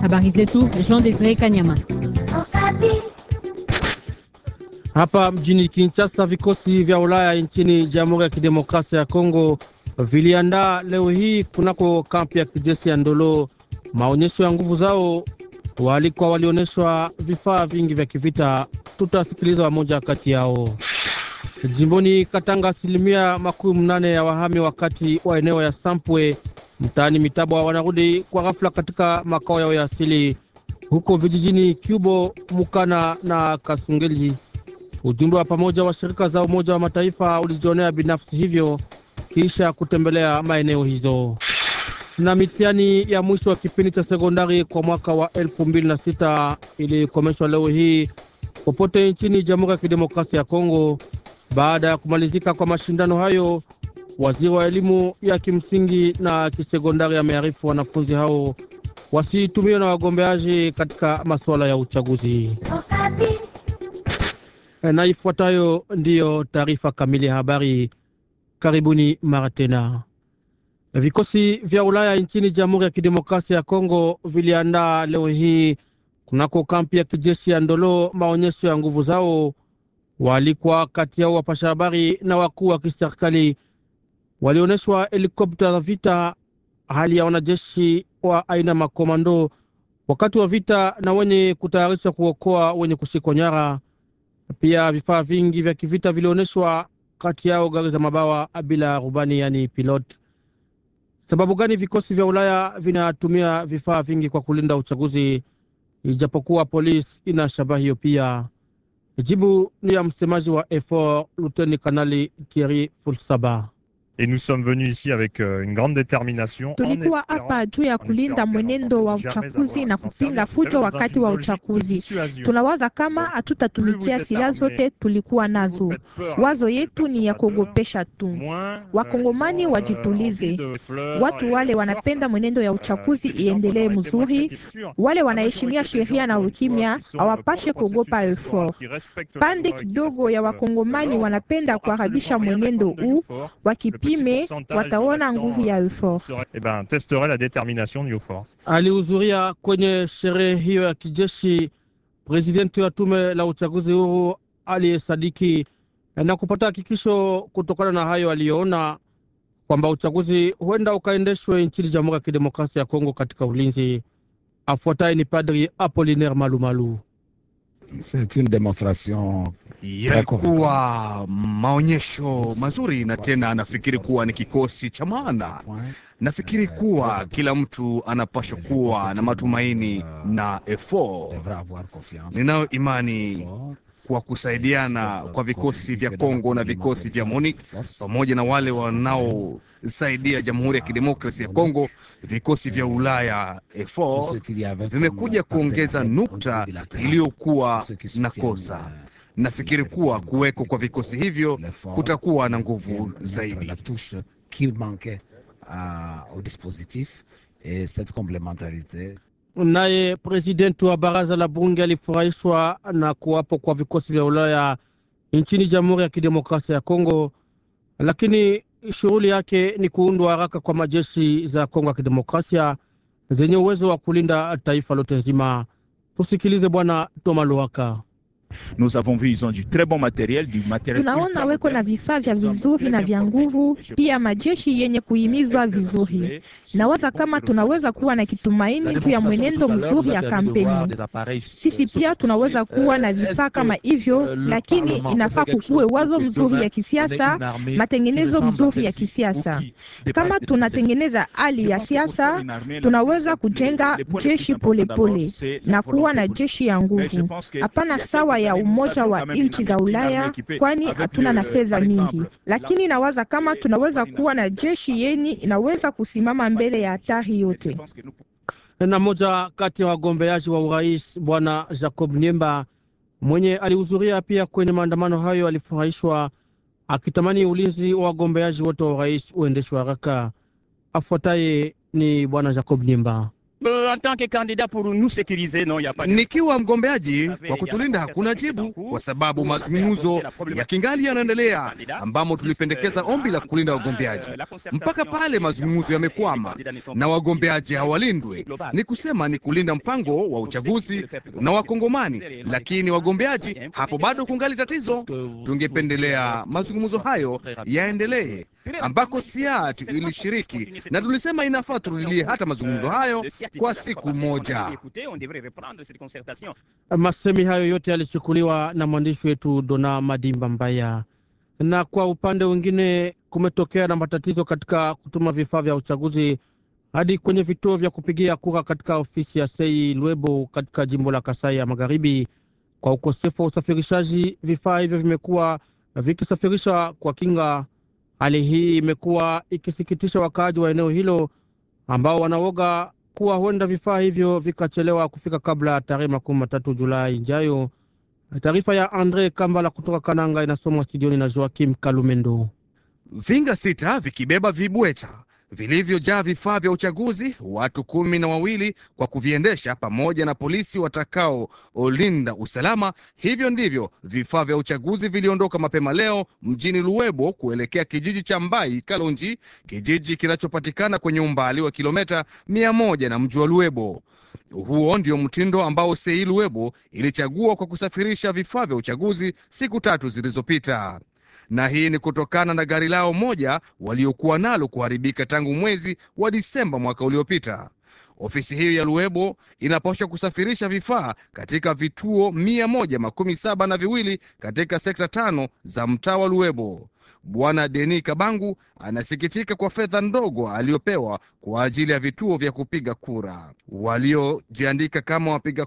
Habari zetu Jean Desire Kanyama. Hapa mjini Kinshasa, vikosi vya Ulaya nchini Jamhuri ya Kidemokrasia ya Kongo viliandaa leo hii kunako kampi ya kijeshi ya Ndolo maonyesho ya nguvu zao. Walikuwa walionyeshwa vifaa vingi vya kivita. Tutasikiliza wamoja kati yao. Jimboni Katanga, asilimia makumi mnane ya wahami wakati wa eneo ya Sampwe Mtaani Mitabwa wanarudi kwa ghafla katika makao yao ya asili huko vijijini Kyubo, Mukana na Kasungeli. Ujumbe wa pamoja wa shirika za Umoja wa Mataifa ulijionea binafsi hivyo kisha kutembelea maeneo hizo. Na mitihani ya mwisho wa kipindi cha sekondari kwa mwaka wa elfu mbili na sita ilikomeshwa leo hii popote nchini Jamhuri ya Kidemokrasia ya Kongo baada ya kumalizika kwa mashindano hayo. Waziri wa elimu ya kimsingi na kisekondari amearifu wanafunzi hao wasitumiwe na wagombeaji katika masuala ya uchaguzi. Eh, na ifuatayo ndiyo taarifa kamili ya habari. Karibuni mara tena. Vikosi vya Ulaya nchini Jamhuri ya Kidemokrasia ya Kongo viliandaa leo hii kunako kampi ya kijeshi ya Ndolo maonyesho ya nguvu zao. Walikuwa kati yao wapasha habari na wakuu wa kiserikali walionyeshwa helikopta za vita, hali ya wanajeshi wa aina makomando wakati wa vita na wenye kutayarisha kuokoa wenye kushikwa nyara. Pia vifaa vingi vya kivita vilionyeshwa, kati yao gari za mabawa bila rubani, yani pilot. Sababu gani vikosi vya Ulaya vinatumia vifaa vingi kwa kulinda uchaguzi, ijapokuwa polisi ina shabaha hiyo pia? Jibu ni ya msemaji wa EFOR luteni kanali Thierry Fulsaba. Et nous sommes venus ici avec euh, une grande determination. Tulikuwa hapa juu ya kulinda mwenendo wa uchaguzi na kupinga fujo wakati wa uchaguzi. Tunawaza kama hatutatumikia silaha zote tulikuwa nazo. Wazo yetu ni ya kuogopesha tu. Euh, wakongomani euh, wajitulize. Watu wale wanapenda mwenendo ya uchaguzi iendelee mzuri, wale wanaheshimia sheria na ukimya hawapashe kuogopa eufor. Pande kidogo ya wakongomani wanapenda kuharibisha mwenendo huu wakipi Wapi, mais wataona nguvu ya Eufor. Eh ben, testerai la détermination de Eufor. Alihudhuria kwenye sherehe hiyo ya kijeshi presidenti wa tume la uchaguzi huru Sadiki na kupata hakikisho kutokana na hayo aliyoona kwamba uchaguzi huenda ukaendeshwe nchini Jamhuri ya Kidemokrasia ya Kongo katika ulinzi. Afuataye ni Padri Malumalu. C'est une démonstration yalikuwa maonyesho mazuri, na tena nafikiri kuwa ni kikosi cha maana. Nafikiri kuwa kila mtu anapaswa kuwa na matumaini na EFO. Ninayo imani kwa kusaidiana kwa vikosi vya Kongo na vikosi vya MONUC pamoja na wale wanaosaidia Jamhuri ya Kidemokrasia ya Kongo, vikosi vya Ulaya EFO vimekuja kuongeza nukta iliyokuwa na kosa. Nafikiri kuwa kuweko kwa vikosi hivyo kutakuwa na nguvu zaidi. Naye presidenti wa baraza la bunge alifurahishwa na kuwapo kwa vikosi vya Ulaya nchini Jamhuri ya Kidemokrasia ya Kongo, lakini shughuli yake ni kuundwa haraka kwa majeshi za Kongo ya Kidemokrasia zenye uwezo wa kulinda taifa lote nzima. Tusikilize Bwana Toma Luaka. Nous avons vu, ils ont du très bon matériel, du matériel. Tunaona weko na vifaa vya vizuri na vya nguvu, pia majeshi yenye kuhimizwa vizuri. Nawaza kama tunaweza kuwa na kitumaini juu ya mwenendo euh, euh, mzuri ya kampeni. Sisi pia tunaweza kuwa na vifaa kama hivyo, lakini inafaa kukuwe wazo mzuri ya kisiasa, matengenezo mzuri ya kisiasa. Kama tunatengeneza hali ya siasa, tunaweza kujenga jeshi polepole pole, na kuwa na jeshi ya nguvu, hapana sawa ya umoja wa nchi za Ulaya, kwani hatuna na eh, fedha nyingi, lakini nawaza kama eh, tunaweza kuwa na jeshi yeni inaweza kusimama mbele ya hatari eh, yote. Na mmoja kati ya wagombeaji wa urais bwana Jacob nyemba mwenye alihudhuria pia kwenye maandamano hayo alifurahishwa akitamani ulinzi wa wagombeaji wote wa urais uendeshwe haraka. Afuataye ni bwana Jacob nyemba nikiwa mgombeaji kwa kutulinda hakuna jibu, kwa sababu mazungumzo ya kingali yanaendelea, ambamo tulipendekeza euh, ombi la kulinda wagombeaji mpaka pale mazungumzo yamekwama na wagombeaji hawalindwi. Ni kusema ni kulinda mpango wa uchaguzi na wakongomani, lakini wagombeaji hapo bado kungali tatizo. Tungependelea mazungumzo hayo yaendelee ambako Siat ilishiriki na tulisema inafaa turudilie hata mazungumzo hayo kwa siku moja. Masemi hayo yote yalichukuliwa na mwandishi wetu Dona Madimba Mbaya. Na kwa upande wengine, kumetokea na matatizo katika kutuma vifaa vya uchaguzi hadi kwenye vituo vya kupigia kura katika ofisi ya Sei Lwebo katika jimbo la Kasai ya Magharibi. Kwa ukosefu wa usafirishaji, vifaa hivyo vimekuwa vikisafirishwa kwa kinga Hali hii imekuwa ikisikitisha wakaaji wa eneo hilo ambao wanaoga kuwa huenda vifaa hivyo vikachelewa kufika kabla ya tarehe makumi matatu Julai ijayo. Taarifa ya Andre Kambala kutoka Kananga inasomwa studioni na Joakim Kalumendo. Vinga sita vikibeba vibweta vilivyojaa vifaa vya uchaguzi, watu kumi na wawili kwa kuviendesha, pamoja na polisi watakaolinda usalama. Hivyo ndivyo vifaa vya uchaguzi viliondoka mapema leo mjini Luwebo kuelekea kijiji cha Mbai Kalonji, kijiji kinachopatikana kwenye umbali wa kilometa mia moja na mji wa Luwebo. Huo ndio mtindo ambao Sei Luwebo ilichagua kwa kusafirisha vifaa vya uchaguzi siku tatu zilizopita na hii ni kutokana na gari lao moja waliokuwa nalo kuharibika tangu mwezi wa Disemba mwaka uliopita. Ofisi hiyo ya Luebo inapaswa kusafirisha vifaa katika vituo mia moja makumi saba na viwili katika sekta tano za mtaa wa Luebo. Bwana Deni Kabangu anasikitika kwa fedha ndogo aliyopewa kwa ajili ya vituo vya kupiga kura. Waliojiandika kama wapiga